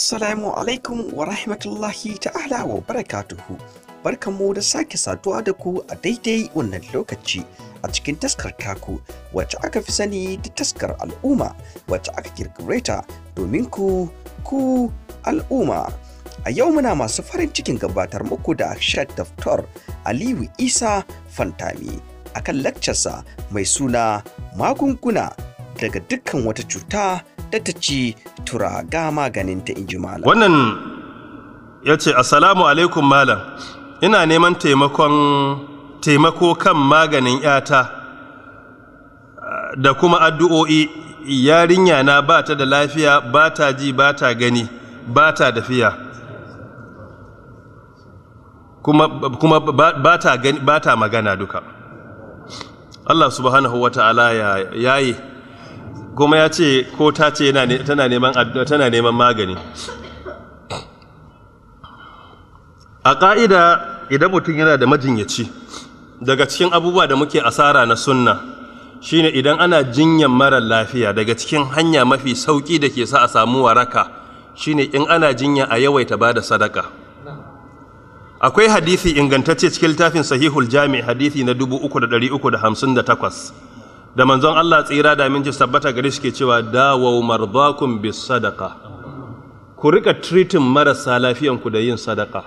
Assalamu alaikum wa rahmatullahi ta'ala wa barakatuhu. Barkanmu da sake saduwa da ku a daidai wannan lokaci a cikin taskar kaku wacce aka fi sani da taskar al'umma wacce aka kirkire ta domin ku ku al'umma. A yau muna masu farin cikin gabatar muku da Shat Daftar Aliyu Isa Fantami akan lakcarsa mai suna magunguna daga dukkan wata cuta da ta ci ga maganinta in ji malam. Wannan ya ce, Assalamu alaikum malam, ina neman taimakon taimako kan maganin ‘yata da kuma addu'o'i yarinya na ba ta da lafiya ba ta ji ba ta gani ba ta dafiya kuma, kuma ba ta magana duka. Allah subhanahu wa ta'ala ya yi. kuma ya ce ko ta ce tana neman magani a ƙa'ida idan mutum yana da majinyaci daga cikin abubuwa da muke asara na sunna shine idan ana jinyan mara lafiya daga cikin hanya mafi sauki da ke sa a samu waraka shine in ana jinya a yawaita ba da sadaka akwai hadisi ingantacce cikin littafin sahihul jami hadisi na 3358 da manzon Allah tsira da aminci tabbata gari shi ke cewa dawaw mardakum bis sadaka. ku rika tritin marasa lafiyan ku da yin sadaka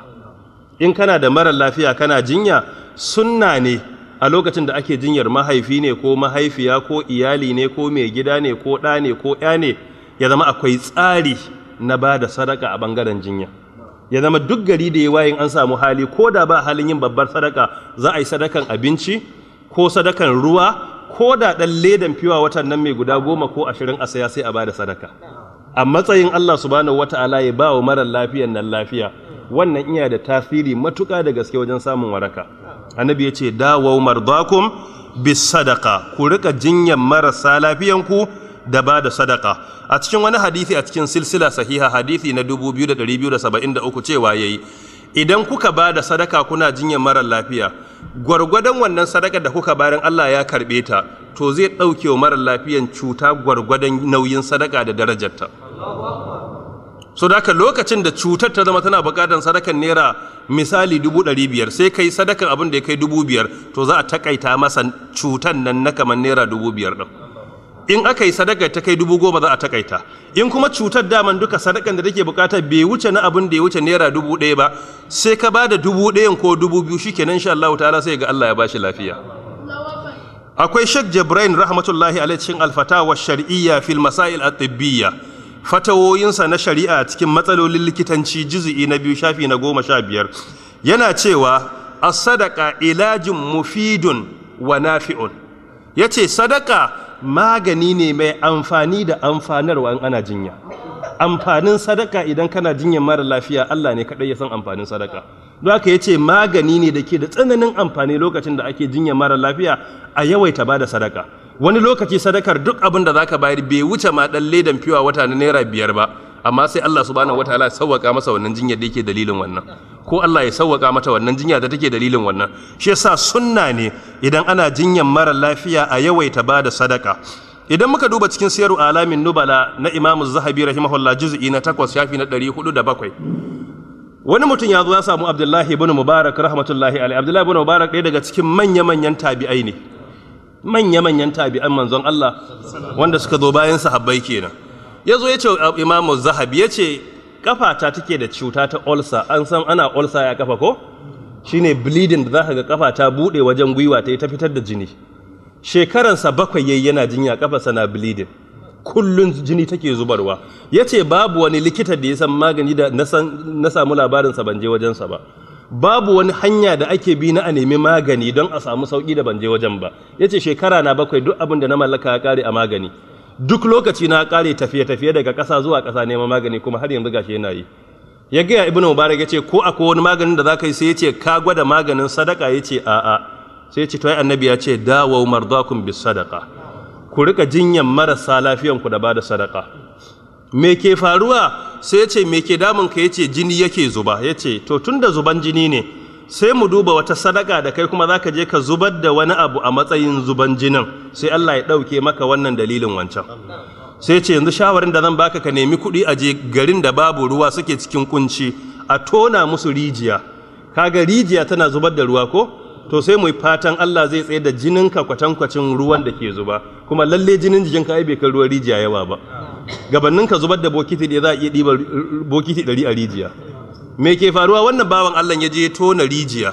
in kana da mara lafiya kana jinya sunna ne a lokacin da ake jinyar mahaifi ne ko mahaifiya ko iyali ne ko mai gida ne ko ɗa ne ko ya ne ya zama akwai tsari na ba da sadaka a bangaren jinya ya zama duk gari da yawa wayin an samu hali ko da ba halin yin babbar sadaka za a yi sadakan abinci ko sadakan ruwa ko da ɗan ledan fiwa watan nan mai guda goma ko ashirin a saya sai a bada sadaka a matsayin Allah subhanahu wata'ala ya ba wa marar lafiyan nan lafiya wannan iya da tasiri matuƙa da gaske wajen samun waraka annabi ya ce dawo mardakum bis sadaka ku rika jinyan marasa ku da ba da sadaka a cikin wani hadisi a cikin silsila sahiha hadisi na 2273 cewa yayi idan kuka ba da sadaka kuna jinyar marar lafiya gwargwadon wannan sadaka da kuka bayan Allah ya karbe ta to zai ɗauke wa marar lafiyan cuta gwargwadon nauyin sadaka da darajarta so da lokacin da cutar ta zama tana buƙatar sadakan naira misali dubu ɗari biyar sai kai sadakan abin da ya kai dubu biyar to za a takaita masa cutar nan na kamar naira dubu biyar ɗin in aka yi sadaka ta kai dubu goma za a takaita in kuma cutar daman duka sadakan da take bukata bai wuce na abin da ya wuce naira dubu ɗaya ba sai ka ba da dubu ɗaya ko dubu biyu shikenan insha Allah ta'ala sai ga Allah ya bashi lafiya akwai Sheikh Jibrin rahmatullahi alaihi cikin alfatawa shar'iyya fil masail at-tibbiyya sa na shari'a cikin matsalolin likitanci juz'i na biyu shafi na goma sha biyar yana cewa as-sadaqa ilajun mufidun wa nafi'un yace sadaka magani ne mai amfani da amfanarwa in ana jinya amfanin sadaka idan kana jinyar mara lafiya Allah ne kaɗai ya san amfanin sadaka don haka ya ce magani ne da ke da tsananin amfani lokacin da ake jinyar mara lafiya a yawaita ba da sadaka wani lokaci sadakar duk abin da za ka bayar bai wuce ma ɗan ledan fiwa wata na naira biyar ba amma sai Allah subhanahu wata ya sauwaka masa wannan jinyar da yake dalilin wannan ko Allah ya sauwaka mata wannan jinya da take dalilin wannan shi yasa sunna ne idan ana jinyan mara lafiya a yawaita ba da sadaka idan muka duba cikin siyaru alamin nubala na imam zahabi rahimahullah juz'i na takwas shafi na ɗari da bakwai wani mutum ya zo ya samu abdullahi ibn mubarak rahmatullahi alaihi abdullahi ibn mubarak ɗaya daga cikin manya-manyan tabi'ai ne manya-manyan tabi'an manzon Allah wanda suka zo bayan sahabbai kenan ya zo ya ce imam zahabi ya ce kafata take da cuta ta ulcer an san ana ulcer ya kafa ko shine bleeding da za ka ga kafa ta bude wajen gwiwa ta yi ta fitar da jini shekaransa bakwai yayi yana jinya kafarsa na bleeding kullun jini take zubarwa yace babu wani likita da ya san magani da na samu labarinsa ban je wajensa ba babu wani hanya da ake bi na a nemi magani don a samu sauki da ban je wajen ba yace shekara na bakwai duk abin da na mallaka ya kare a magani duk lokaci na kare tafiye-tafiye daga ƙasa zuwa ƙasa neman magani kuma har yanzu gashi yana yi ya gaya ibnu mubarak yace, ko akwai wani maganin da zaka yi sai ya ka gwada maganin sadaka Yace ce a'a sai ya ce to ai annabi ya ce dawo mardakum bis sadaka ku rika jinyan marasa lafiyan ku da bada sadaka me ke faruwa sai ya ce me ke damun ka Yace jini yake zuba Yace ce to tunda zuban jini ne sai mu duba wata sadaka da kai kuma za ka je ka zubar da wani abu a matsayin zuban jinin sai Allah ya ɗauke maka wannan dalilin wancan sai ce yanzu shawarin da zan baka ka nemi kuɗi a je garin da babu ruwa suke cikin kunci a tona musu rijiya Ka ga rijiya tana zubar da ruwa ko to sai mu fatan Allah zai tsaye da jinin ka kwatankwacin ruwan da ke zuba kuma lalle jinin ka ai bai kai ruwan rijiya yawa ba gabanin ka zubar da bokiti da za a iya ɗiba bokiti ɗari a rijiya me ke faruwa wannan bawan Allah ya je ya tona rijiya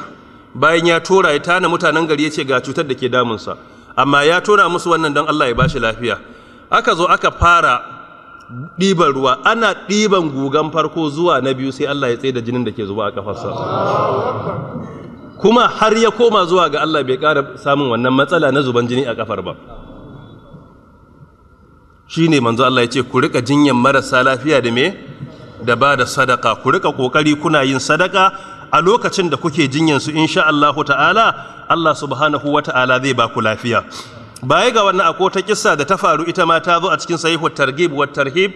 bayan ya tora ya tana mutanen gari ya ce ga cutar da ke damunsa amma ya tona musu wannan don Allah ya bashi lafiya aka zo aka fara ɗiban ruwa ana ɗiban gugan farko zuwa na biyu sai Allah ya tsaye da jinin da ke zuba a kafarsa kuma har ya koma zuwa ga Allah bai ƙara samun wannan matsala na zuban jini a kafar ba shine manzo Allah ya ce ku rika jinyan marasa lafiya da me da ba da sadaka ku rika kokari kuna yin sadaka a lokacin da kuke jinyar su insha Allah ta'ala Allah subhanahu wa ta'ala zai ba ku lafiya baya ga wannan akwai ta kissa da ta faru ita ma ta zo a cikin sahihu targhib wa tarhib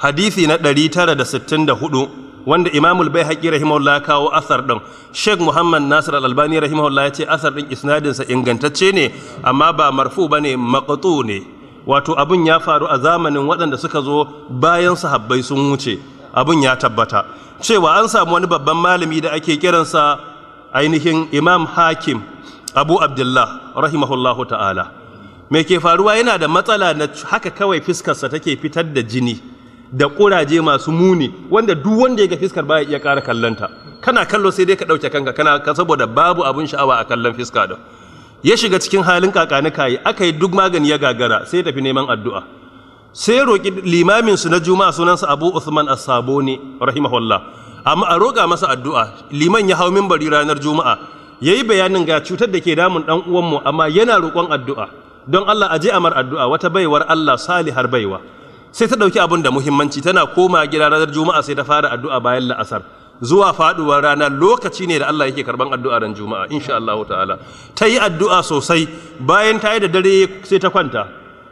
hadisi na 964 wanda imamul bai baihaqi rahimahullah kawo asar ɗin sheikh muhammad nasir al-albani rahimahullah ya ce asar ɗin sa ingantacce ne amma ba marfu ba ne ne wato abun ya faru a zamanin waɗanda suka zo bayan sahabbai sun wuce abun ya tabbata cewa an samu wani babban malami da ake kiransa ainihin imam hakim abu abdullah rahimahullahu ta'ala mai ke faruwa yana da matsala na haka kawai fiskarsa take fitar da jini da kuraje masu muni wanda duk wanda ya ga fiskar baya iya ƙara kallonta kana kallo sai dai ka ɗauke kanka kana ka saboda babu abin sha'awa a kallon fiska da ya shiga cikin halin kakani kayi aka yi duk magani ya gagara sai tafi neman addu'a sai roƙi limamin su na juma'a sunansa abu usman as-sabo ne rahimahullah amma a roƙa masa addu'a liman ya hau minbari ranar juma'a yayi bayanin ga cutar da ke damun dan uwanmu amma yana roƙon addu'a don Allah aje amar addu'a wata baiwar Allah salihar baiwa sai ta ɗauki abin da muhimmanci tana koma gida ranar juma'a sai ta fara addu'a bayan la'asar zuwa faduwar rana lokaci ne da Allah yake karban addu'a ran juma'a insha Allah ta'ala ta yi addu'a sosai bayan ta yi da dare sai ta kwanta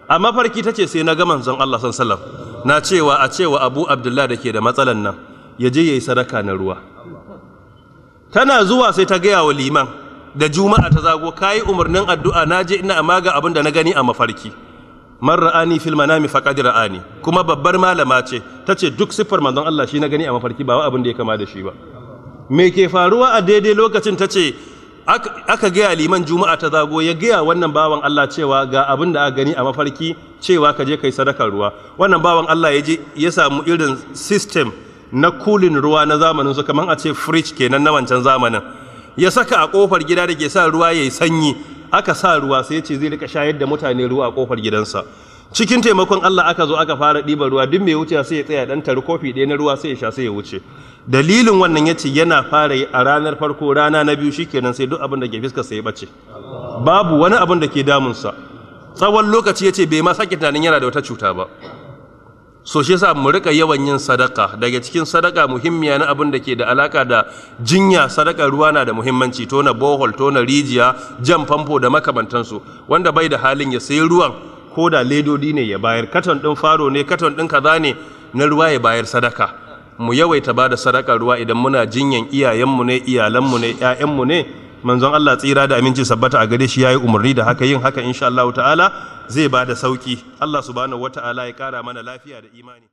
a mafarki ta ce sai na ga manzon Allah salam na cewa a cewa Abu Abdullahi da ke da matsalan nan ya je ya yi sadaka na ruwa tana zuwa sai ta gaya wa liman da juma'a ta zago ka yi umarnin addu'a na je ina amma ga abin da na gani a mafarki man ra'ani fil manami faqad ra'ani kuma babbar malama ce ta ce duk siffar manzon Allah shi na gani a mafarki ba abin da ya kama da shi ba me ke faruwa a daidai lokacin ta ce? aka gaya liman juma'a ta zago ya gaya wannan bawan Allah cewa ga abin da aka gani a mafarki cewa ka je kai sadakar ruwa wannan bawan Allah ya je ya samu irin system na kulin ruwa na zamanin su kamar a ce fridge kenan na wancan zamanin ya saka a kofar gida da ke sa ruwa yayi sanyi aka sa ruwa sai ya ce zai rika shayar da mutane ruwa a kofar gidansa cikin taimakon Allah aka zo aka fara ɗiba ruwa duk mai wuce sai ya tsaya ɗan tari kofi ɗaya na ruwa sai ya sha sai ya wuce dalilin wannan ya ce yana fara yi a ranar farko rana na biyu shi kenan sai duk abin da ke fiskar sai ya ɓace. babu wani abin da ke damunsa tsawon lokaci ya ce bai ma sake tunanin yana da wata cuta ba so shi yasa mu rika yawan yin sadaka daga cikin sadaka muhimmiya na abin da ke da alaka da jinya sadaka ruwa na da muhimmanci tona bohol tona rijiya jan famfo da makamantansu wanda bai da halin ya sayi ruwan ko da ledodi ne ya bayar katon ɗin faro ne katon ɗin kaza ne na ruwa ya bayar sadaka mu yawaita ba da sadaka ruwa idan muna jinyan iyayenmu ne iyalanmu ne ƴaƴanmu ne manzon Allah tsira da aminci sabbata a gare shi yi umarni da haka yin haka insha Allah ta'ala zai ba da sauki Allah subhanahu wata'ala ya kara mana lafiya da imani